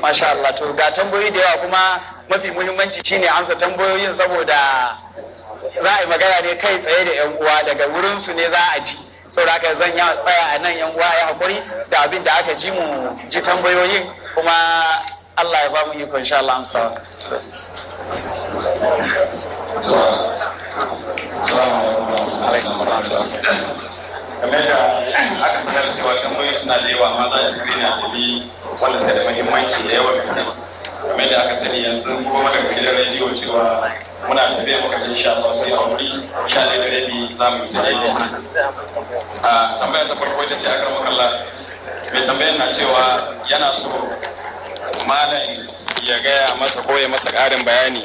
masha Allah to ga tambayoyi da yawa kuma mafi muhimmanci shine amsa tambayoyin saboda za a yi magana ne kai tsaye da yan uwa daga wurin su ne za a ji saboda haka zan ya tsaya a nan yan uwa ya hakuri da abin da aka ji mu ji tambayoyin kuma Allah ya ba mu iko insha Allah amsa kamar da aka sanar cewa tambayoyi suna da yawa amma za a screen da ni wanda suka da muhimmanci da yawan gaske kamar yadda aka sani yanzu kuma ga gidan rediyo cewa muna tafiya muka tafi sha Allah sai a wuri sha da rabi za mu isa yayi sai a tambaya ta farko ita ce akar Allah mai tambayar na cewa yana so malam ya gaya masa ko ya masa ƙarin bayani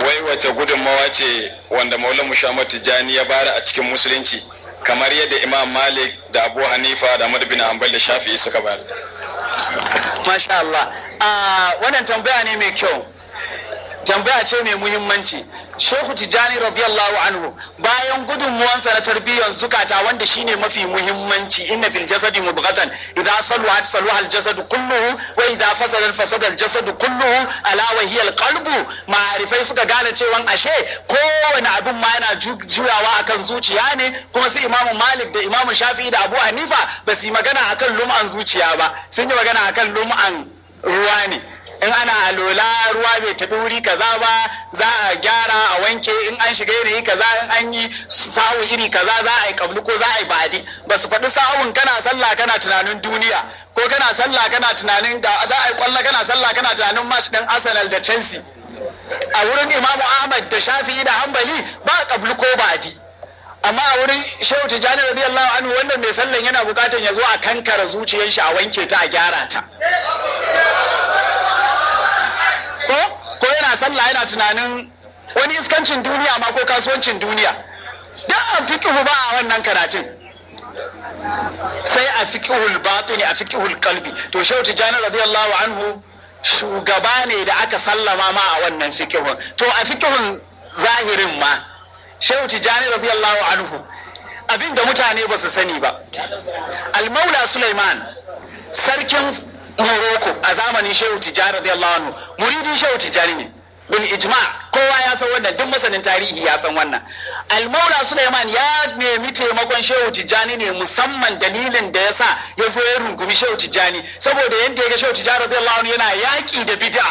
wai wace gudunmawa ce wanda maulana mushammad tijjani ya bara a cikin musulunci kamar yadda imam malik da abu hanifa da Madubina bin da shafi'i suka bayar masha Allah ah, wannan tambaya ne mai kyau tambaya ce mai muhimmanci shehu tijani radiyallahu anhu bayan gudunmuwansa na tarbiyyar zukata wanda shine mafi muhimmanci inna fil jasadi mudghatan idza saluhat saluha al jasadu kulluhu wa idza fasadar al jasadu kulluhu ala wa hiya ma'arifai suka gane cewa ashe kowane abin ma yana juyawa akan zuciya ne kuma su imamu malik da imamu shafi'i da abu hanifa ba su yi magana akan lum'an zuciya ba sun yi magana akan lum'an ruwa ne in ana alola ruwa bai tafi wuri kaza ba za a gyara a wanke in an shiga yanayi kaza in an yi sawu iri kaza za a yi kablu ko za a yi baɗi ba su faɗi sawun kana sallah kana tunanin duniya ko kana sallah kana tunanin ga za a yi kwallo kana sallah kana tunanin match din Arsenal da Chelsea a wurin Imamu Ahmad da Shafi'i da Hambali ba kablu ko baɗi amma a wurin Shehu Tijjani radiyallahu anhu wannan mai sallan yana bukatan ya zo a kankara zuciyar shi a wanke ta a gyara ta sallah yana tunanin wani iskancin duniya ma ko kasuwancin duniya duk a fiƙihu ba a wannan karatun sai a fiƙihul batini a fiƙihul kalbi to shehu tijjani radiyallahu anhu shugaba ne da aka sallama ma a wannan fiƙihun to a fiƙihun zahirin ma shehu tijjani radiyallahu anhu abin da mutane ba su sani ba almaula suleiman sarkin morocco a zamanin shehu tijjani radiyallahu anhu muridin shehu tijjani ne bil ijma kowa ya san wannan duk masanin tarihi ya san wannan almaura suleiman ya nemi taimakon shehu tijjani ne musamman dalilin da ya sa ya zo ya rungumi shehu tijjani saboda yadda ya ga shehu tijjani radiyallahu yana yaƙi da bid'a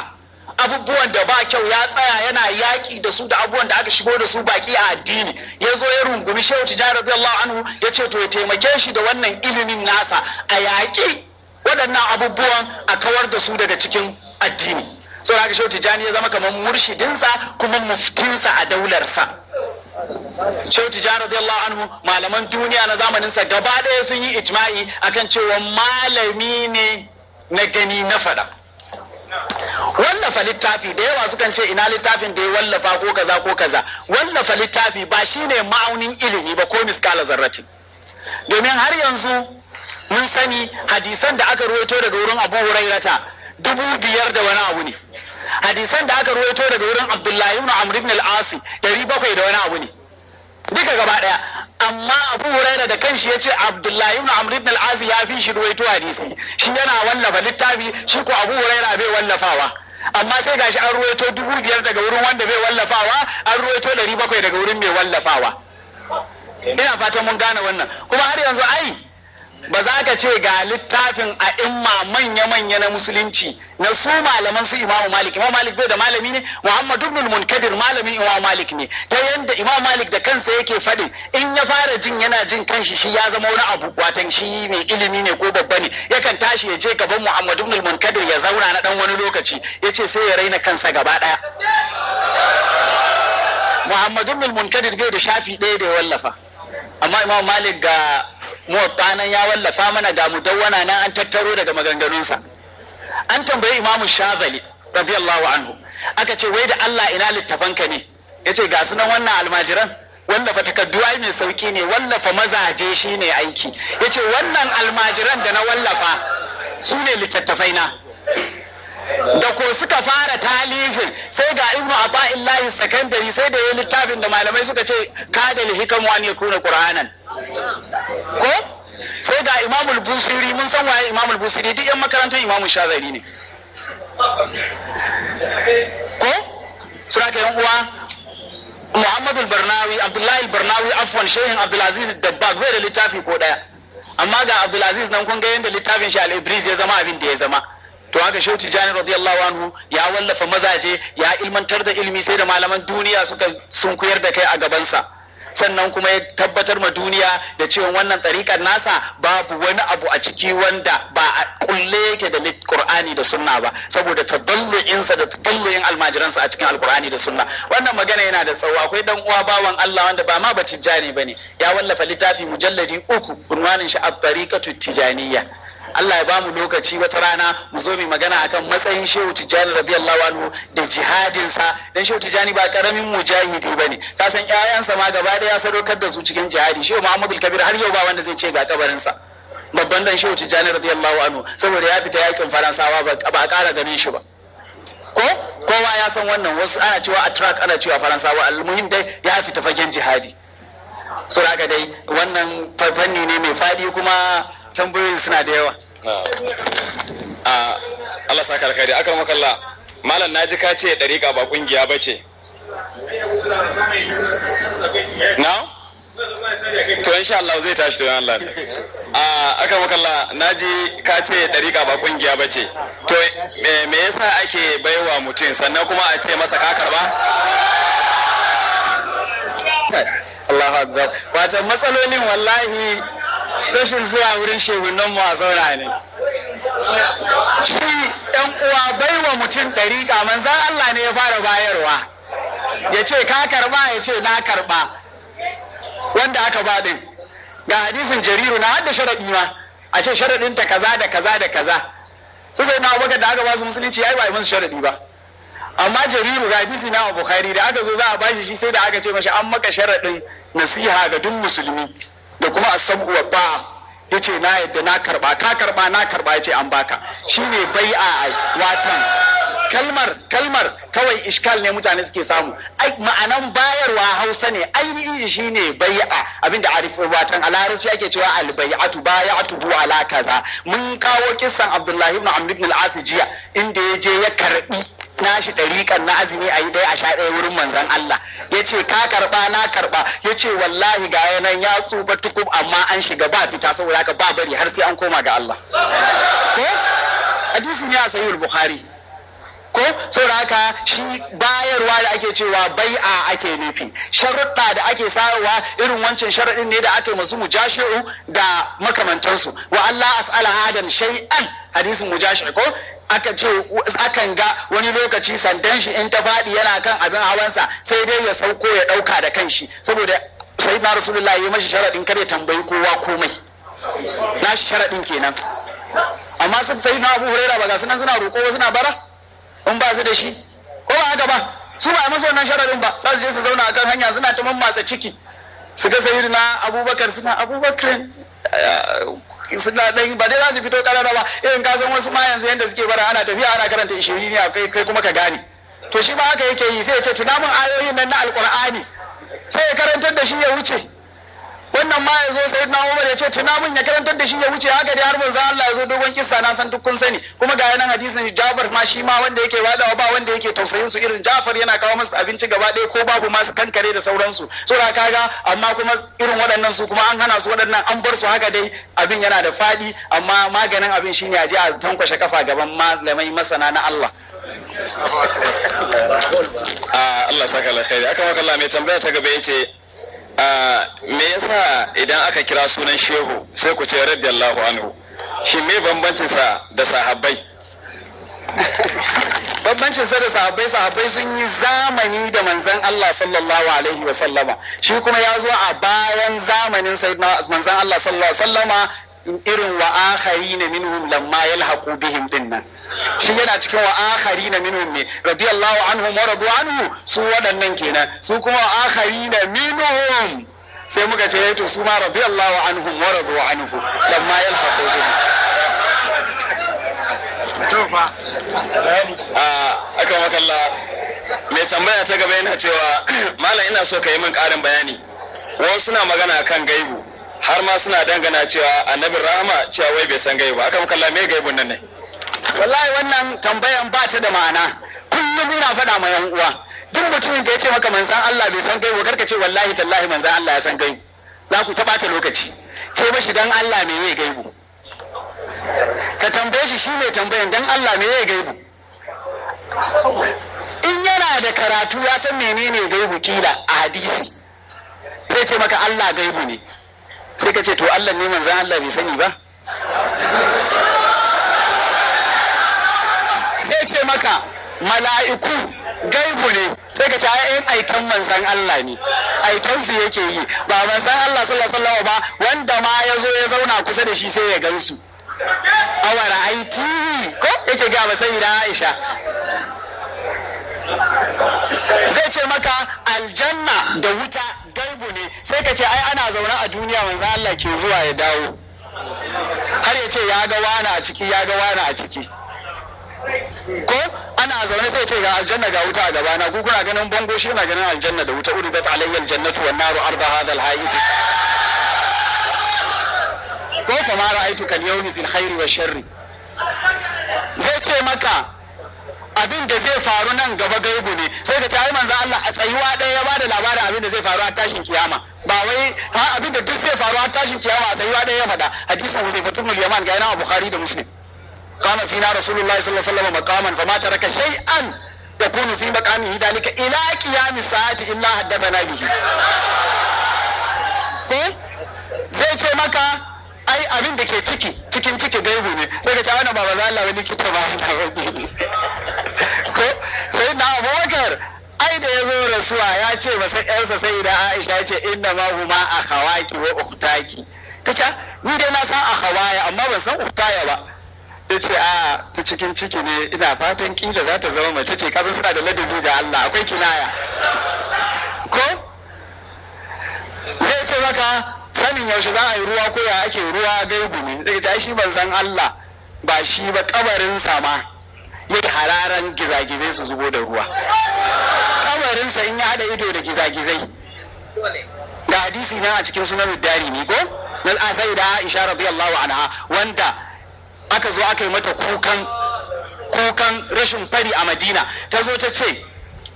abubuwan da ba kyau ya tsaya yana yaƙi da su da abubuwan da aka shigo da su baki a addini ya zo ya rungumi shehu tijjani radiyallahu anhu ya ce to ya taimake shi da wannan ilimin nasa a yaƙi waɗannan abubuwan a kawar da su daga cikin addini saboda aka shehu tijjani ya zama kamar murshidinsa kuma muftinsa a daularsa shehu tijjani radiyallahu anhu malaman duniya na zamaninsa gaba ɗaya sun yi ijma'i akan cewa malami ne na gani na faɗa wallafa littafi da yawa sukan ce ina littafin da ya wallafa ko kaza ko kaza wallafa littafi ba shi ne ma'aunin ilimi ba ko miskala zarratin domin har yanzu mun sani hadisan da aka ruwaito daga wurin abu hurairata dubu biyar da wani abu ne hadisan da aka ruwaito daga wurin abdullahi ibn amr ibn al-asi dari bakwai da wani abu ne duka gaba daya amma abu huraira da kanshi ya ce abdullahi ibn amr ibn al-asi ya fi shi ruwaito hadisi shi yana wallafa littafi shi ko abu huraira bai wallafawa amma sai gashi an ruwaito dubu biyar daga wurin wanda bai wallafawa an ruwaito dari bakwai daga wurin mai wallafawa ina fatan mun gane wannan kuma har yanzu ai ba za ka ce ga littafin a imma manya-manya na musulunci na su malaman su imamu malik imamu malik bai da malami ne muhammadu ibn munkadir malamin imamu malik ne ta yadda imamu malik da kansa yake faɗin in ya fara jin yana jin kanshi shi ya zama wani abu watan shi mai ilimi ne ko babba ne yakan tashi ya je gaban muhammadu ibn munkadir ya zauna na dan wani lokaci ya ce sai ya raina kansa gaba ɗaya muhammadu ibn munkadir bai da shafi ɗaya da ya wallafa amma imamu malik ga muwatta nan ya wallafa mana ga mudawwana nan an tattaro daga maganganunsa an tambayi imamu shazali radiyallahu anhu aka ce wai da Allah ina littafanka ne Ya ce ga sunan wannan almajiran wallafa takaddu ai mai sauki ne wallafa mazaje shi ne aiki Ya ce wannan almajiran da na wallafa su ne littattafai na da ko suka fara talifin sai ga ibnu layi sakandari sai da ya littafin da malamai suka ce kada hikamu an kuna qur'anan ko sai ga imamul busiri mun san waye imamul busiri duk yan makarantar imamu shazari ne ko suna ka yan uwa Muhammadu barnawi abdullahi barnawi afwan shehin abdulaziz dabbag bai da littafi ko daya amma ga abdulaziz nan kun ga yadda littafin shi al'ibris ya zama abin da ya zama to haka shauci janar radiyallahu anhu ya wallafa mazaje ya ilmantar da ilmi sai da malaman duniya suka sunkuyar da kai a gabansa sannan kuma ya tabbatar ma duniya da cewa wannan ɗariƙar nasa babu wani abu a ciki wanda ba a kulle yake da Qur'ani da sunna ba saboda taballu'insa da taballu'in almajiransa a cikin alkur'ani da sunna wannan magana yana da tsawo akwai dan uwa bawan Allah wanda ba ma ba tijjani ne. ya wallafa littafi mujalladi uku unwanin shi at-tariqatu tijaniyya Allah ya bamu lokaci wata rana mu zo mu magana akan matsayin Shehu Tijjani radiyallahu anhu da jihadin sa dan Shehu Tijjani ba karamin mujahidi bane ka san ƴaƴansa ma gaba ɗaya sadaukar da su cikin jihadi Shehu Muhammadu Kabir har yau ba wanda zai ce ga kabarin sa babban dan Shehu Tijjani radiyallahu anhu saboda ya fita yakin Faransawa ba ƙara ganin shi ba ko kowa ya san wannan wasu ana cewa a track ana cewa Faransawa almuhim dai ya fita fagen jihadi so haka dai wannan fanni ne mai faɗi kuma tambayoyin suna da yawa ah. Ah, Allah saka alkhairi a'ka makalla malam naji ka ce dariƙa ba kungiya ba ce na to insha Allah zai tashi to Allah a ah, aka makalla naji ka ce dariƙa ba kungiya ba ce to me yasa ake baiwa mutum sannan kuma a ce masa ka karba Allahu akbar Wata matsalolin wallahi rashin zuwa wurin shegunan mu a zaura ne shi ɗan uwa baiwa mutum ɗariƙa manzan Allah ne ya fara bayarwa ya ce ka karɓa ya ce na karɓa wanda aka ba ɗin ga hadisin jariru na hadda sharaɗi ma a ce sharaɗin ta kaza da kaza da kaza su sai na abubakar da aka ba su musulunci ya yi ba yi sharaɗi ba amma jariru ga hadisi na bukhari da aka zo za a bashi shi sai da aka ce mashi an maka sharaɗin nasiha ga duk musulmi da kuma asabu uwa ba yace na yadda na karba ka karba na karba yace an baka shine a watan kalmar kalmar kawai iskal ne mutane suke samu ai ma'anan bayarwa hausa ne ainihin shi ne bai'a abinda arif watan a larabci ake cewa albay'atu bay'atuhu ala kaza mun kawo kissan abdullahi ibn amr ibn al inda ya je ya karbi nashi ɗariƙan na azumi a yi ɗaya a sha ɗaya wurin manzan Allah ya ce ka karɓa na karɓa ya ce wallahi ga yanan ya tsufa tukub amma an shiga ba fita saboda haka ba bari har sai an koma ga Allah ko hadisi ne a sahihul bukhari ko saboda haka shi bayarwa da ake cewa bai a ake nufi sharuɗa da ake sayarwa irin wancan sharaɗin ne da aka yi masu mujashi'u da makamantansu wa Allah as'ala hadan shay'an hadisin mujashi ko aka ce akan ga wani lokaci sandan shi in ta faɗi yana kan abin hawansa sai dai ya sauko ya ɗauka da kanshi saboda sai na rasulullah ya mashi sharaɗin kare tambayi kowa komai na shi sharaɗin kenan amma sun sai na abu huraira ba ga sunan suna roƙo suna bara in ba su da shi ko ba haka ba su ba a masu wannan sharaɗin ba za su je su zauna akan hanya suna ta mammatsa ciki su ga sayyidina abubakar suna abubakar suna dan ba dai za su fito karara ba irin ka san wasu ma yanzu yanda suke bara ana tafiya ana karanta ishirini ne kai kuma ka gane to shi ma haka yake yi sai ya ce tunamin ayoyin nan na alkur'ani sai ya karantar da shi ya wuce wannan ma ya zo sai na umar ya ce tuna mun ya karantar da shi ya wuce haka dai har manzo Allah ya zo dogon kissa na san duk kun sani kuma ga yanan hadisin Jafar ma shi ma wanda yake wadawa ba wanda yake tausayin su irin Jafar yana kawo musu abinci gaba ɗaya ko babu masu kankare da sauransu so da kaga amma kuma irin waɗannan su kuma an hana su waɗannan an bar su haka dai abin yana da faɗi amma maganin abin shine a je a tankwashe kafa gaban malamai masana na Allah ah, Allah saka alkhairi aka maka Allah mai tambaya ta gaba yace me yasa idan aka kira sunan shehu sai ku ce radiyallahu anhu shi me bambancin sa da sahabbai bambancin sa da sahabbai sahabbai sun yi zamani da manzan Allah sallallahu alaihi wa sallama shi kuma ya zo a bayan zamanin sayyidina manzan Allah sallallahu alaihi wa sallama irin wa akharin minhum lamma yalhaqu bihim dinnan shi yana cikin wa akhari na minhum ne radiyallahu anhum wa radu anhu su waɗannan kenan su kuma wa akhari na minhum sai muka ce eh, to su ma radiyallahu anhum wa radu anhu lamma yalhaqu bihim to fa a akan Allah mai tambaya ta gaba yana cewa malam ina so ka yi min ƙarin bayani wasu suna magana kan gaibu har ma suna dangana cewa annabi rahama cewa wai bai san gaibu akan kalla me gaibun nan ne wallahi wannan tambayan ba ta da ma'ana kullum muna faɗa ma yan uwa duk mutumin da ya ce maka manzan Allah bai san gaibu karka ce wallahi tallahi manzan Allah ya san gaibu za ku taɓa ta lokaci ce mashi dan Allah me yayi gaibu ka tambaye shi shi mai tambayan dan Allah me yayi gaibu in yana da karatu ya san menene gaibu kila a hadisi sai ce maka Allah gaibu ne sai ka ce to Allah ne manzan Allah bai sani ba maka mala'iku gaibu ne sai ka ce ayyan aikan manzan Allah ne aikan su yake yi ba manzan Allah sallallahu ba wanda ma ya zo ya zauna kusa da shi sai ya gansu wara aiti ko yake ga ba sai da Aisha zai ce maka aljanna da wuta gaibu ne sai ka ce ai ana zaune a duniya manzan Allah ke zuwa ya dawo har ya ce ya ga wani a ciki ya ga wani a ciki ko ana zaune sai ce ga aljanna ga wuta a gabana ku kuna ganin bango shi yana ganin aljanna da wuta uridat alayyal jannatu wan naru arda hadha alhayit ko fa ma ra'aytu kal yawmi fil khairi wa sharri zai ce maka abin da zai faru nan gaba gaibu ne sai ka ce ai manzo Allah a tsayuwa ɗaya ya bada labarin abin da zai faru a tashin kiyama ba wai ha abin da duk zai faru a tashin kiyama a tsayuwa ɗaya ya faɗa hadisin Husayfatun Yaman ga yana Bukhari da Muslim قام فينا رسول الله صلى الله عليه وسلم مقاما فما ترك شيئا يكون في مقامه ذلك إلى قيام الساعة إلا حدثنا Ko zai ce maka ai abin da ke ciki cikin ciki gaibu ne sai ka ce wannan ba za Allah wani kita ba na ko sai na Abubakar ai da ya zo rasuwa ya ce ba sai ƴarsa sai da Aisha ya ce inna ma huma akhawaki wa ukhtaki ce ni dai na san akhawaya amma ban san ukhtaya ba ya ce a cikin ciki ne ina fatan kila za ta zama mace ce kasa suna da ladabi ga Allah akwai kinaya ko zai ce maka sanin yaushe za a yi ruwa ko ya ake ruwa gaibu ne zai ce shi ban san Allah ba shi ba kabarin sama ya hararan gizagizai su zubo da ruwa kabarinsa in ya haɗa ido da gizagizai ga hadisi na a cikin sunan darimi ko na asai da Aisha radiyallahu anha wanda aka zo aka yi mata kukan kukan rashin fari a madina ta zo ta ce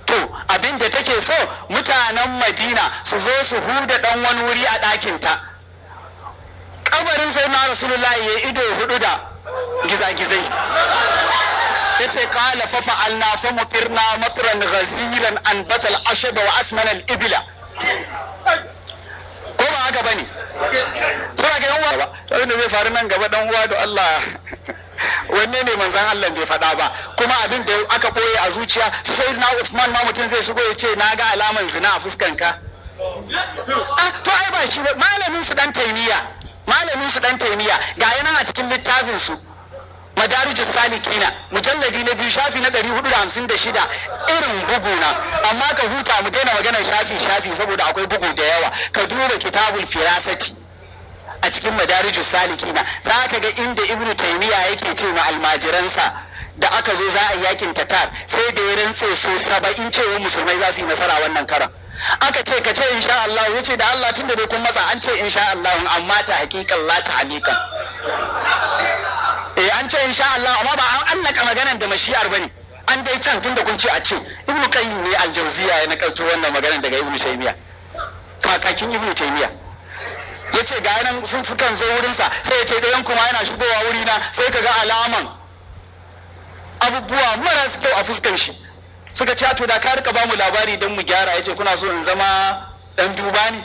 to abin da take so mutanen madina su zo su huda dan wani wuri a ɗakinta kabarin sai na rasulullahi ya ido hudu da gizagizai ya ce kala fafa fa'alna fa mutirna matran ghaziran an batal ashaba wa asmanal ibila haka ne, suna ga yan uwa Wani da zai faru nan gaba dan uwa da Allah wanne ne manzan Allah bai faɗa ba kuma abin da aka boye a zuciya su sai na Uthman ma mutum zai shigo ya ce na ga alaman zina a fuskanka ah, to ai ba shi malamin su dan taimiya malamin su dan taimiya ga yana a cikin littafin su madarijus salikina mujalladi na biyu shafi na ɗari hudu da hamsin da shida irin buguna amma ka huta mu daina maganar shafi shafi saboda akwai bugu da yawa ka duba kitabul firasati a cikin madarijus salikina za ka ga inda ibnu taymiya yake ce ma almajiransa da aka zo za a yakin tatar sai da ya rantse so saba'in cewa musulmai za su yi nasara wannan karan aka ce ka ce insha Allah ya ce da Allah tun da dai kun matsa an ce insha Allah amma ta hakikan la ta hakikan eh an ce insha Allah amma ba an annaka maganar da mashi'ar bane an dai can tunda kun ce a ce ibnu qayyim ne al ya nakalto wannan maganar daga ibnu taymiya kakakin ibnu taymiya yace ga nan sun sukan zo wurin sa sai yace dayan kuma yana shigowa wuri na sai kaga alaman abubuwa mara kyau a fuskan shi suka ce to da ka rika ba mu labari don mu gyara yace kuna so in zama dan duba ne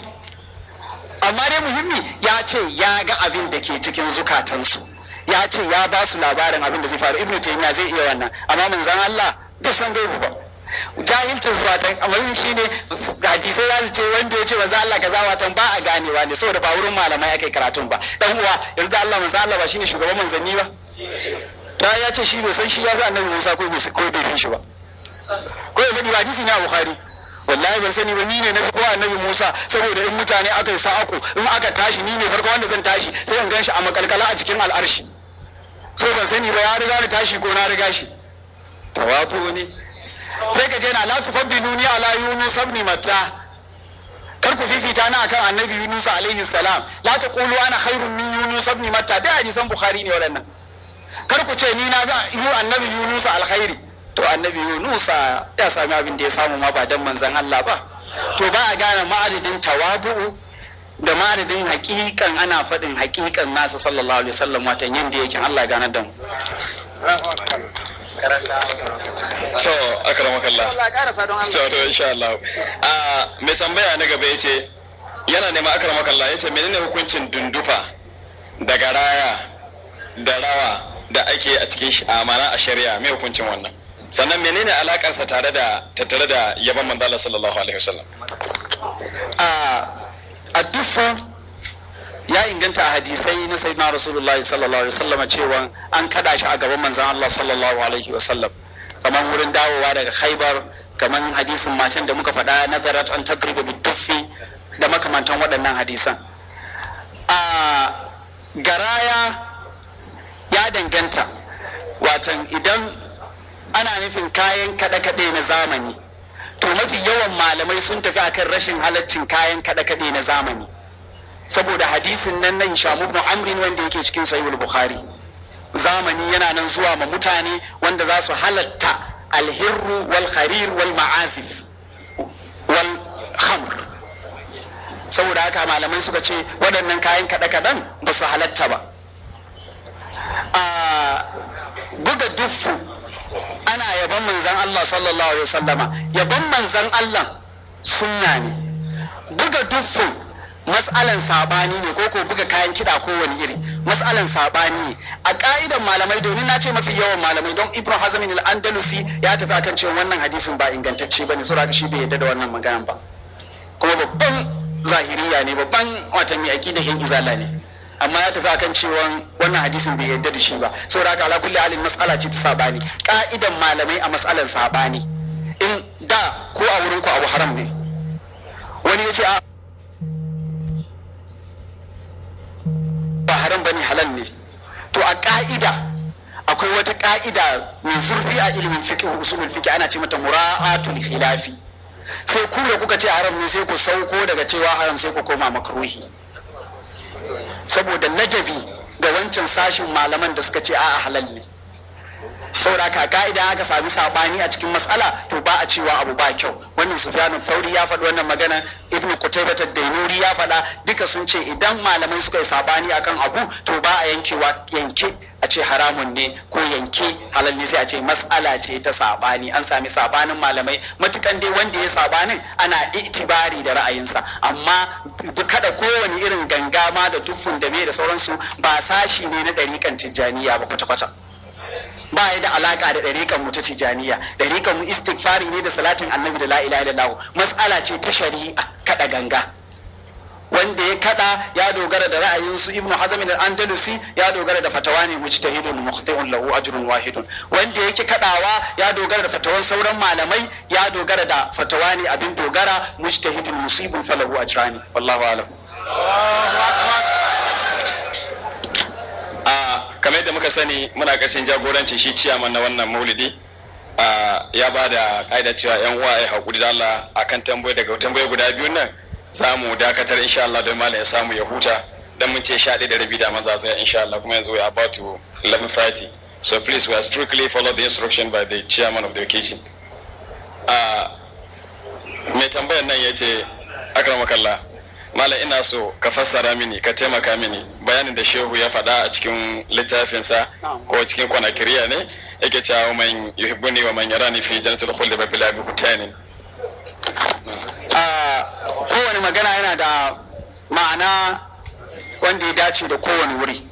amma dai muhimmi ya ce ya ga abin da ke cikin zukatansu ya ce ya ba su labarin abin da zai faru ibnu taymiya zai iya wannan amma zan Allah bai san gaibu ba jahilcin su watan amarin shi ne hadisai sai su ce wanda ya ce ba za'a Allah za watan ba a ganewa ne saboda ba wurin malamai aka yi karatun ba dan uwa yanzu da Allah zan Allah ba shine shugaban manzanni ba ta ya ce shi bai san shi ya fi annabi Musa ko bai ko bai fi shi ba ko ya gani ba hadisi ne a Bukhari wallahi ban sani ba ni ne na fi kowa annabi Musa saboda in mutane aka yi sa'aku in aka tashi ni ne farko wanda zan tashi sai in gan shi a makalkala a cikin al'arshi so ban sani ba ya riga ni tashi ko na riga shi tawatu ne sai ka je na la ni ala yunus ibn matta kar ku fifita na akan annabi yunus alaihi salam la taqulu ana khairun min yunus ibn matta dai hadisan bukhari ne waɗannan kar ku ce ni na ga annabi yunus alkhairi to annabi yunusa ya sami abin da ya samu ma ba dan manzan allah ba to ba a gane ma'adadin tawabu'u da ma'adadin hakikan ana faɗin hakikan nasa sallallahu alaihi wasallam watan yadda yake allah gane da mu to akramakallah to to insha allah mai tambaya na gaba yace yana nema akramakallah yace menene hukuncin dundufa da garaya da rawa da ake a cikin amana a shari'a mai hukuncin wannan sannan menene alakarsa tare da tattare da yaban manzala sallallahu alaihi wasallam a addufa ya inganta a hadisai na sayyidina rasulullahi sallallahu alaihi wasallam cewa an kada shi a gaban manzan Allah sallallahu alaihi wasallam kamar wurin dawowa daga Khaibar kamar hadisin matan da muka faɗa nazarat an taqribu biduffi da makamantan waɗannan hadisan a garaya ya danganta watan idan ana nufin kayan kaɗe-kaɗe na zamani to mafi yawan malamai sun tafi akan rashin halaccin kayan kaɗe-kaɗe na zamani saboda hadisin nan na ishamu ibn Amrin wanda yake cikin Sahihul Bukhari zamani yana nan zuwa ma mutane wanda za su halatta alhirru wal kharir wal ma'azif wal khamr saboda haka malamai suka ce waɗannan kayan kaɗe-kaɗen ba su halatta ba a ah, buga duffu ana yaban manzan Allah sallallahu alaihi wasallama yaban manzan Allah sunna ne buga duffun mas'alan sabani ne ko ko buga kayan kiɗa ko wani iri matsalan sabani a ka'idan malamai domin na ce mafi yawan malamai don Ibrahim Hazmin al-Andalusi ya tafi akan cewa wannan hadisin ba ingantacce bane saboda shi bai yadda da wannan magana ba kuma babban zahiriya ne babban watan mai aqidar izala ne amma ya tafi akan cewa wannan hadisin bai yarda da shi ba saboda haka ala kulli halin mas'ala ce ta sabani ka'idan malamai a mas'alan sabani in da ko a wurin ku abu haram ne wani ya ce a ba haram bane halal ne to a ka'ida akwai wata ka'ida mai zurfi a ilimin fiqh usulul fiqh ana ce mata mura'atul khilafi sai ku da kuka ce haram ne sai ku sauko daga cewa haram sai ku koma makruhi saboda ladabi ga wancan sashin malaman da suka ce a halal ne saboda ka ka'ida aka sami sabani a cikin matsala to ba a cewa abu ba kyau wannan sufyanu fauri ya faɗi wannan magana ibnu kutaybata dainuri ya faɗa duka sun ce idan malamai suka yi sabani akan abu to ba a yankewa yanke a ce haramun ne ko yanke halal ne sai a ce matsala ce ta sabani an sami sabanin malamai matukan dai wanda ya sabanin ana itibari da ra'ayinsa amma kada kowane irin gangama da tuffun da me da sauransu ba sashi ne na ɗarikan tijjaniya ba kwata-kwata ba ya da alaka da ɗarikan mu ta tijjaniya ɗarikan mu istighfari ne da salatin annabi da la'ila da lahu mas'ala ce ta shari'a kada ganga wanda ya kada ya dogara da ra'ayin su ibnu hazm al-andalusi ya dogara da fatawa ne mujtahidun muqti'un lahu ajrun wahidun wanda yake kadawa ya dogara da fatawan sauran malamai ya dogara da fatawa ne abin dogara mujtahidun musibun falahu ajrani wallahu alam kamar da muka sani muna kashin jagorancin shi ciyaman na wannan maulidi ya ba da ƙa'ida cewa 'yan uwa ya haƙuri da Allah akan tambaye daga tambaye guda biyu nan za mu dakatar insha Allah don malam ya samu ya huta dan mun ce sha da rabi da maza sai insha Allah kuma yanzu we are about to 11:30 so please we are strictly follow the instruction by the chairman of the occasion uh, mai tambayar nan ya ce akramakallah malam ina so ka fassara mini ka taimaka mini bayanin da shehu ya faɗa a cikin littafinsa ko cikin kwanakiriya ne yake cewa man yuhibbuni wa man yarani fi jannatul khuldi bila bi hutanin kowane magana yana da ma'ana wanda ya dace da kowane wuri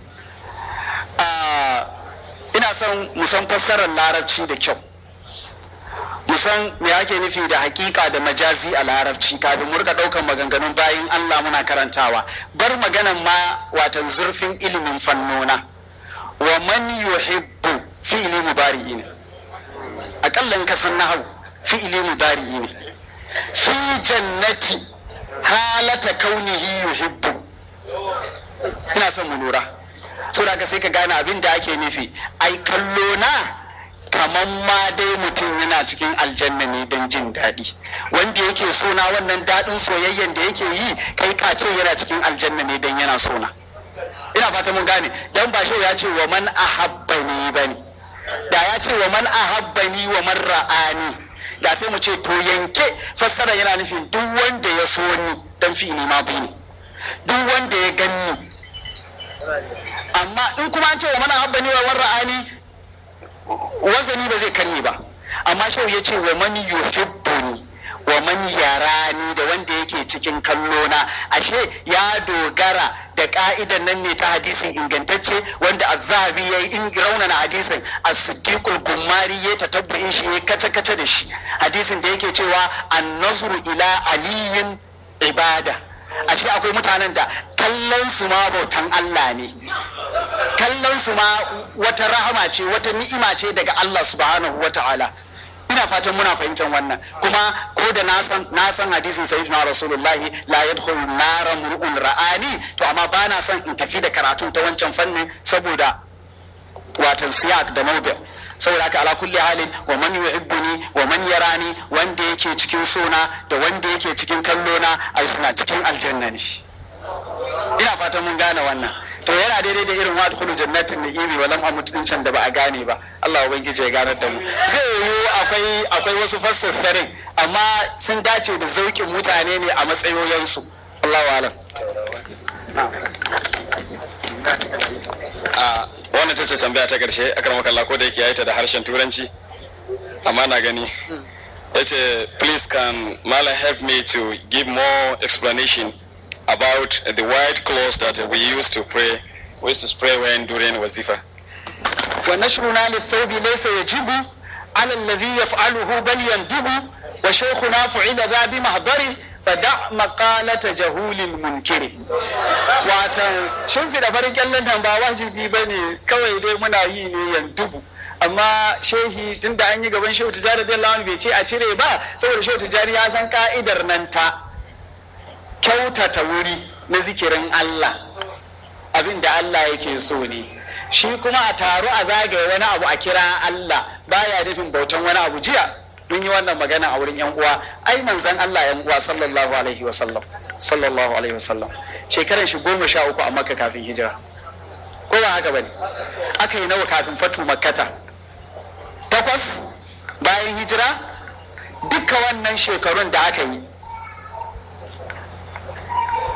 ina son musan fassarar larabci da kyau musan me ake nufi da hakika da majazi a larabci kafin murka ɗaukan maganganun bayan allah muna karantawa bar maganan ma watan zurfin ilimin fannona wa man yuhibbu fi'ili mubari'i ne in ka nahau fi'ili mubari'i ne fi jannati halata kaunihi yuhibbu ina son mu lura so da sai ka gane abin da ake nufi ai kallo na kamar ma dai mutum yana cikin aljanna ne don jin daɗi wanda yake sona wannan daɗin soyayyen da yake yi kai ka yana cikin aljanna ne don yana sona ina fata mun gane dan ba ya ce wa man ahabbani bane da ya ce wa man ahabbani wa man ra'ani da sai mu ce to yanke fassara yana nufin duk wanda ya so ni dan ne ma ne duk wanda ya ganni amma in kuma an ce wa mana habbani wa warra'ani wazani ba zai karye ba amma shehu ya ce wa man yuhibbuni wa man ni da wanda yake cikin kallo na ashe ya dogara da ka'idan nan ne ta hadisin ingantacce wanda azzabi ya yi raunana hadisin a siddiqul gumari ya tatabbu'in shi ya kace kace da shi hadisin da yake cewa an ila aliyin ibada ashe akwai mutanen da kallon ma bautan Allah ne kallon su ma wata rahama ce wata ni'ima ce daga Allah subhanahu wata'ala ina fatan muna fahimtar wannan kuma ko da na san hadisin san hadisin rasulullahi la yadkhulu nara mur'un ra'ani to amma ba na son in tafi da karatun ta wancan fannin saboda watan siyak da mawdu saboda haka ala kulli halin wa man yuhibbuni wa man yarani wanda yake cikin sona da wanda yake cikin kallona ai suna cikin aljanna ne ina fatan mun gane wannan to yana daidai da irin kudu jannatin ni'imi wa walam a can da ba a gane ba Allah ubangiji ya ganar da mu zai yiwu akwai akwai wasu fassassarin amma sun dace da zaukin mutane ne a matsayoyinsu wa alam wannan ta ce tambaya ta karshe akan makalla ko da yake yayi ta da harshen turanci amma na gani hmm. yace please can malam help me to give more explanation about the white clothes that we used to pray, we used to spray when during wazifa. ونشرنا للثوب ليس يجب على الذي يفعله بل يندب وشيخنا فعل ذا بمحضره فدع مقالة جهول المنكر واتا شوف farin kyallon nan ba wajibi ba ne kawai dai muna yi amma shehi tunda an yi gaban shehu tijari da lawan bai ce a cire ba saboda shehu tijari ya san ka'idar nan ta kyautata wuri na zikirin Allah abin da Allah yake so ne shi kuma a taru a zagaye wani abu a kira Allah baya nufin bautan wani abu jiya don yi wannan magana a wurin yan uwa ai manzan Allah yan uwa sallallahu alaihi wa sallam sallallahu alaihi wa sallam shekaran shi goma sha uku a makka kafin hijira ko ba haka bane aka yi nawa kafin fatu makkata takwas bayan hijira duka wannan shekarun da aka yi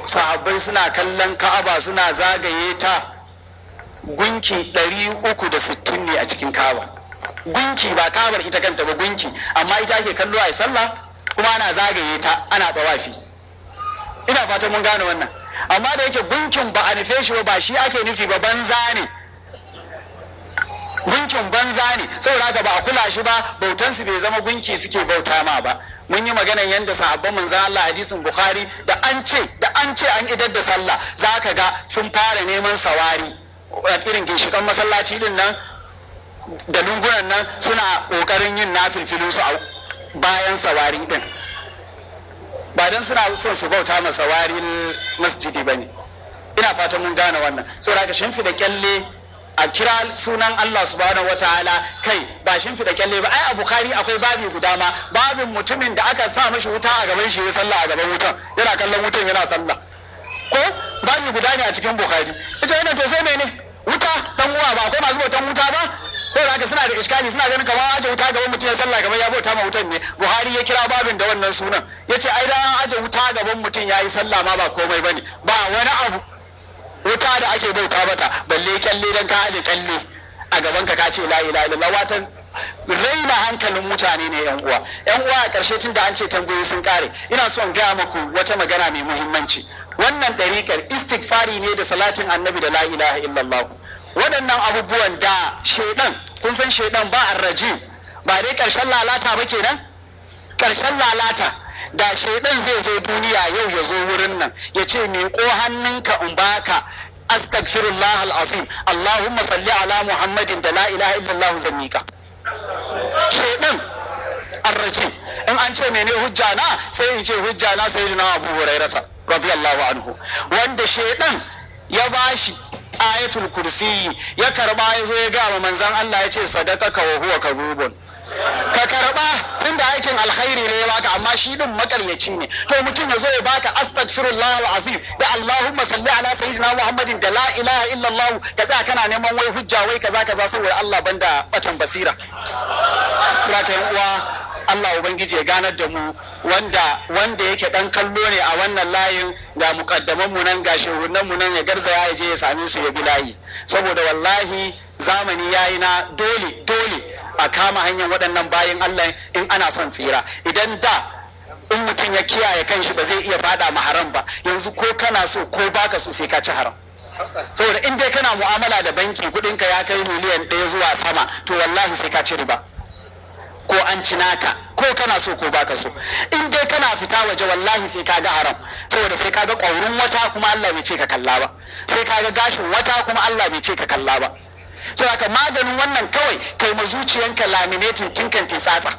sahabbai suna kallon ka'aba suna zagaye ta gunki ɗari da sittin ne a cikin ka'aba gunki ba ka'abar ta kanta ba gunki amma ita ake kallo a sallah kuma ana zagaye ta ana tawafi ina fata mun gane wannan amma da yake gunkin ba a nufe shi ba ba shi ake nufi ba banza ne gunkin banza ne saboda haka ba a kula shi ba bautansu bai zama gunki suke bauta ma ba mun yi maganan yadda sahabban manzan Allah hadisin Bukhari da an ce da an ce an idar da sallah za ka ga sun fara neman sawari irin ginshikan masallaci din nan da lungunan nan suna kokarin yin nafilfilin su a bayan sawari din ba dan suna son su bauta ma sawarin masjidi bane ina fatan mun gane wannan saboda ka shimfi da kyalle a kira sunan Allah subhanahu ta'ala kai ba shin fi da kyalle ba ai a bukhari akwai babi guda ma babin mutumin da aka sa mashi wuta a gaban shi ya sallah a gaban wutan yana kallon wutan yana sallah ko babi guda ne a cikin bukhari ita wannan to sai mene wuta dan uwa ba akwai masu bautan wuta ba sai da suna da iskali suna ganin kamar aje wuta gaban mutum ya sallah gaban ya bauta ma wutan ne buhari ya kira babin da wannan sunan yace ai da aje wuta gaban mutum yayi sallah ma ba komai bane ba wani abu wuta da ake bauta mata balle kyalle don ka aje kyalle a gaban ka ka la ilaha illallah watan raina hankalin mutane ne yan uwa yan uwa a karshe tun da an ce tangoyi sun kare ina son gaya muku wata magana mai muhimmanci wannan ɗariƙar istighfari ne da salatin annabi da la ilaha illallah waɗannan abubuwan da shedan kun san shedan ba arrajim ba dai karshen lalata ba kenan karshen lalata da shaidan zai zo duniya yau ya zo wurin nan ya ce miƙo hannunka in baka astaghfirullah al'azim allahumma salli ala muhammadin da la ilaha illallah zan miƙa shaidan arraji in an ce mene hujja na sai in ce hujja na sai na abu hurairata radiyallahu anhu wanda shaidan ya bashi ayatul kursi ya karba ya zo ya ga manzon Allah ya ce ka wa huwa kadhubun ka karba tun aikin alkhairi ne ya baka amma shi din makaryaci ne to mutum ya zo ya baka astaghfirullah alazim da allahumma salli ala sayyidina muhammadin da la ilaha illallah ka tsaya kana neman wai hujja wai kaza kaza saboda Allah banda batan basira kira ka yan uwa Allah ubangiji ya ganar da mu wanda wanda yake dan kallo ne a wannan layin ga mukaddaman mu nan ga shehunan mu nan ya garzaya ya je ya same su ya bi layi saboda wallahi zamani yayi na dole dole a kama hanyar waɗannan bayan Allah in ana son tsira idan da in mutum ya kiyaye kan shi ba zai iya fada ma haram ba yanzu ko kana so ko baka so sai ka ci haram saboda in dai kana mu'amala da banki kuɗinka ya kai miliyan ɗaya zuwa sama to wallahi sai ka ci riba ko an ci naka ko kana so ko baka so in dai kana fita waje wallahi sai ka ga haram saboda sai ka ga ƙwaurin wata kuma Allah bai ce ka kalla ba sai ka ga gashin wata kuma Allah bai ce ka kalla ba sai maganin wannan kawai kai ma zuciyanka laminating tinkan tsatsa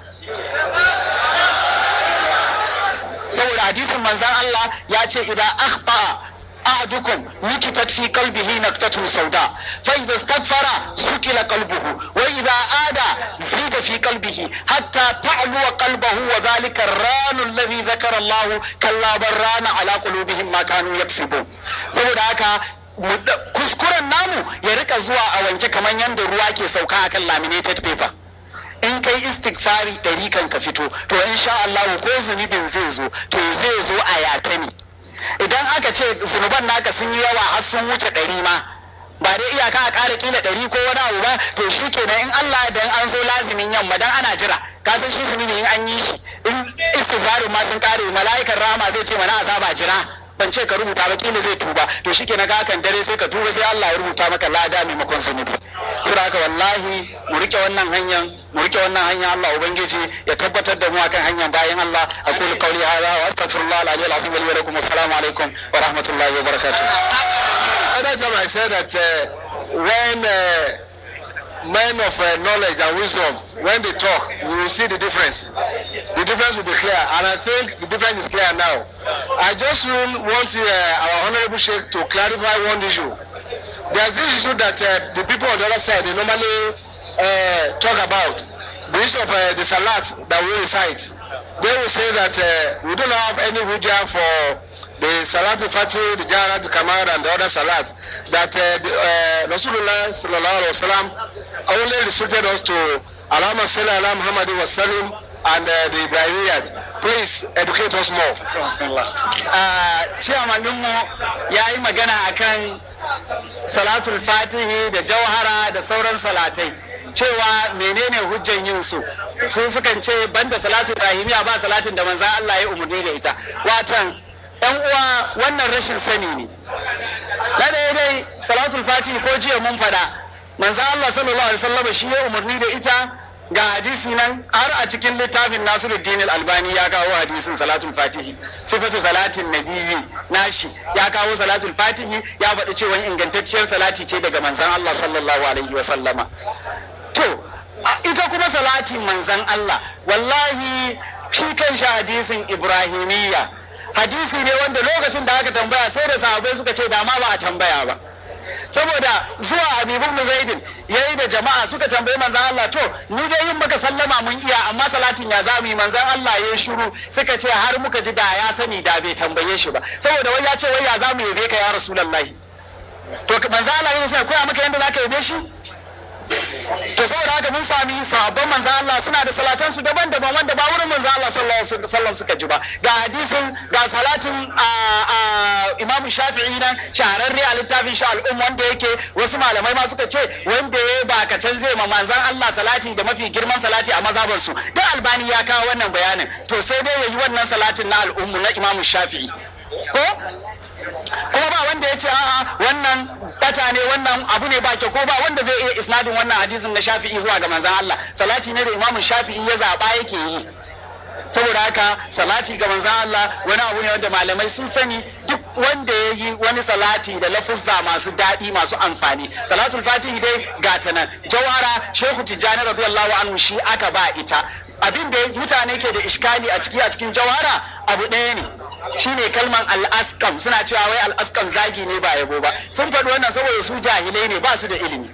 saboda hadisin manzan Allah ya ce idan akhta ahadukum nikitat fi na naqtatu sauda fa idza istaghfara sukila kalbuhu Wai idan ada zida fi qalbihi hatta ta'lu qalbuhu wa dhalika ar-ran alladhi dhakara Allah kallabarrana ala qulubihim ma kanu yaksubun saboda haka kuskuren namu ya rika zuwa a wanke kamar yadda ruwa ke sauka a kan laminated paper in kai istighfari ɗari kan ka fito to insha Allah ko zunubin zai zo to zai zo a yaka ne idan aka ce zunuban naka sun yi yawa har sun wuce ɗari ma ba dai iyaka a ƙara ƙila ɗari ko wani abu ba to shi kenan in Allah dan an zo lazimin yamma dan ana jira ka san shi zunubi in an yi shi in istighfari ma sun ƙare mala'ikan rama zai ce mana a ba jira ban ce ka rubuta ba kila zai tuba to shi ke na hakan dare sai ka tuba sai Allah ya rubuta maka lada maimakon zunubi saboda haka wallahi mu rike wannan hanyar mu rike wannan hanya Allah ubangiji ya tabbatar da mu akan hanyar bayan Allah aqulu qawli hadha wa astaghfirullah al-ali al-azim wa alaikum assalamu alaikum wa rahmatullahi wa barakatuh. ada jama'a said that uh, when uh, men of uh, knowledge and wisdom, when they talk, we will see the difference. The difference will be clear, and I think the difference is clear now. I just really want uh, our honourable Sheikh to clarify one issue. There's this issue that uh, the people on the other side they normally uh, talk about the issue of uh, the salat that we recite. They will say that uh, we don't have any hujah for the Salat Fatih, the Jarat kamar and the other Salat, that uh, the, uh, Rasulullah sallallahu alaihi wasallam only restricted us to Allah Masala, Allah Muhammad Wasallam, and uh, the Ibrahimiyat. Please educate us more. uh, Chairman Dummo ya yi magana akan Salatul Fatihi da Jauhara da sauran salatai. cewa menene hujjan yin su sun sukan ce banda salatul rahimiya ba salatin da manzan Allah ya umarni da ita watan yan uwa wannan rashin sani ne na ɗaya dai salatul Fati ko jiya mun faɗa manzo Allah sallallahu alaihi wasallam shi ya umarni da ita ga hadisi nan har a cikin littafin Nasiruddin Al-Albani ya kawo hadisin salatul fatihi sifatu salatin nabiyyi nashi ya kawo salatul fatihi ya faɗi cewa ingantacciyar salati ce daga manzon Allah sallallahu alaihi wasallama to ita kuma salati manzon Allah wallahi shi kan shi hadisin Ibrahimiyya hadisi ne wanda lokacin da aka tambaya sai da sahabbai suka ce dama ba a tambaya ba saboda zuwa habibu ibn ya yi da jama'a suka tambayi manzan Allah to ni dai yin maka sallama mun iya amma salatin ya zamu yi manzan Allah ya shiru suka ce har muka ji da ya sani da bai tambaye shi ba saboda wai ya ce wai ya zamu yabe ka ya rasulullahi to manzan Allah ya ce koya maka yanda zaka yabe shi to saboda haka mun sami sahabban manzan Allah suna da salatan su daban-daban wanda ba wurin manzan Allah sallallahu alaihi wasallam suka ji ba ga hadisin ga salatin a Imam Shafi'i nan shahararre a littafin shi al'um wanda yake wasu malamai ma suka ce wanda ya ba ka can zai ma manzan Allah salati da mafi girman salati a mazhabar su dan Albani ya kawo wannan bayanin to sai dai yayi wannan salatin na al'ummu na Imam Shafi'i ko kuma ba wanda ya ce a'a wannan ɓata ne wannan abu ne ba ko ba wanda zai iya isnadin wannan hadisin na shafi'i zuwa ga manzan Allah salati ne da imamun shafi'i ya zaɓa yake yi saboda haka salati ga manzan Allah wani abu ne wanda malamai sun sani duk wanda ya yi wani salati da lafuzza masu daɗi masu amfani salatul fatihi dai gata nan jawara shehu tijjani radiyallahu anhu shi aka ba ita abin da mutane ke da iskali a ciki a cikin jawara abu ɗaya ne shine kalman al'askam suna cewa wai al'askam zagi ne ba yabo ba sun faɗi wannan saboda su jahilai ne ba su da ilimi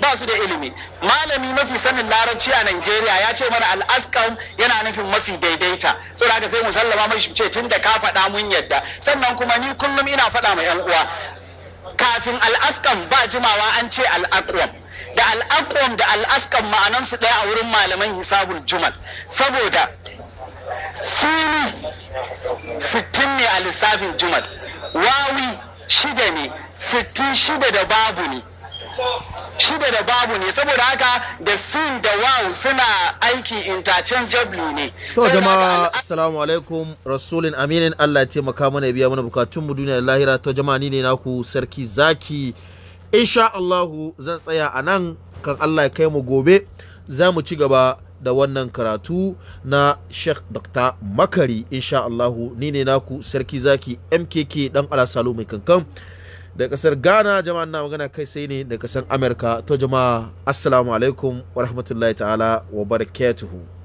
ba su da ilimi malami mafi sanin larabci a Najeriya ya ce mana al'askam yana nufin mafi daidaita saboda haka sai mu sallama mashi ce tun da ka faɗa mun yadda sannan kuma ni kullum ina faɗa ma 'yan uwa kafin al'askam ba jimawa an ce al'akwam da al'akwam da al'askam ma'anansu ɗaya a wurin malaman hisabul jumal saboda sunu sittin ne a lissafin jumal wawi shida ne sittin shida da babu ne shida da babu ne saboda haka da sin da wow suna aiki interchangeably ne to jama'a assalamu alaikum rasulin aminin Allah ya taimaka mana ya biya mana bukatun mu duniya lahira to jama'a ni ne naku sarki zaki insha Allahu zan tsaya a nan kan Allah ya kai mu gobe za mu ci gaba da wannan karatu na Sheikh Dr. Makari insha Allahu ni ne naku sarki zaki MKK dan ala salo mai kankan da kasar Ghana jama'a na magana kai sai ne da kasar Amerika to jama'a assalamu alaikum wa rahmatullahi ta'ala wa barakatuhu